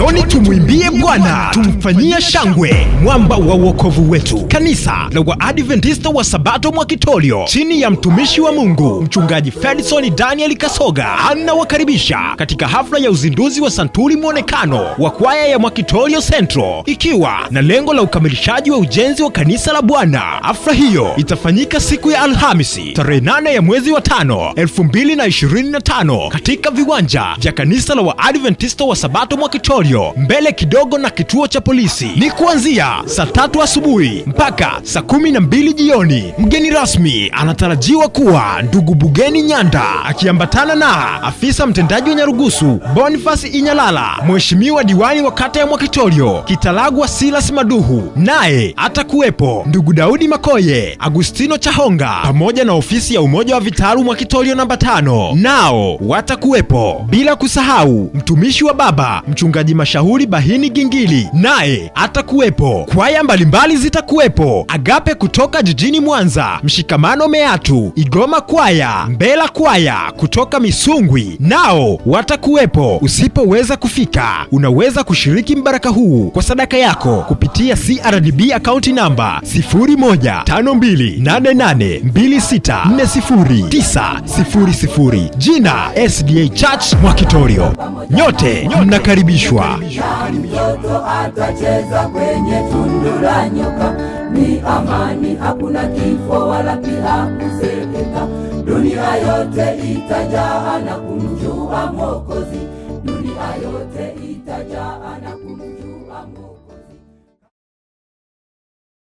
Njoni tumwimbie Bwana, tumfanyie shangwe mwamba wa uokovu wetu. Kanisa la Waadventista wa Sabato Mwakitolio chini ya mtumishi wa Mungu Mchungaji Ferdson Daniel Kasoga anawakaribisha katika hafla ya uzinduzi wa santuri mwonekano wa kwaya ya Mwakitolio Central ikiwa na lengo la ukamilishaji wa ujenzi wa kanisa la Bwana. Hafla hiyo itafanyika siku ya Alhamisi tarehe 8 ya mwezi wa na 2025 katika viwanja vya kanisa la Waadventista wa Sabato Mwakitolio Memorial mbele kidogo na kituo cha polisi. Ni kuanzia saa tatu asubuhi mpaka saa kumi na mbili jioni. Mgeni rasmi anatarajiwa kuwa ndugu Bugeni Nyanda akiambatana na afisa mtendaji wa Nyarugusu Boniface Inyalala, mheshimiwa diwani wa kata ya mwakitorio Kitalagwa Silas Maduhu, naye atakuwepo ndugu Daudi Makoye, Agustino Chahonga pamoja na ofisi ya umoja wa vitaru mwakitorio namba tano, nao watakuwepo bila kusahau mtumishi wa baba mchungaji mwigizaji mashuhuri Bahini Gingili, naye atakuwepo. Kwaya mbalimbali zitakuwepo: Agape kutoka jijini Mwanza, Mshikamano Meatu, Igoma Kwaya, Mbela Kwaya kutoka Misungwi, nao watakuwepo. Usipoweza kufika, unaweza kushiriki mbaraka huu kwa sadaka yako kupitia CRDB akaunti namba 015288264090 jina SDA Church Mwakitorio. Nyote mnakaribishwa kuwa mtoto atacheza kwenye tundu la nyoka, ni amani, hakuna kifo wala pia kuzeeka. Dunia yote itajaa na kumjua Mwokozi, dunia yote itajaa na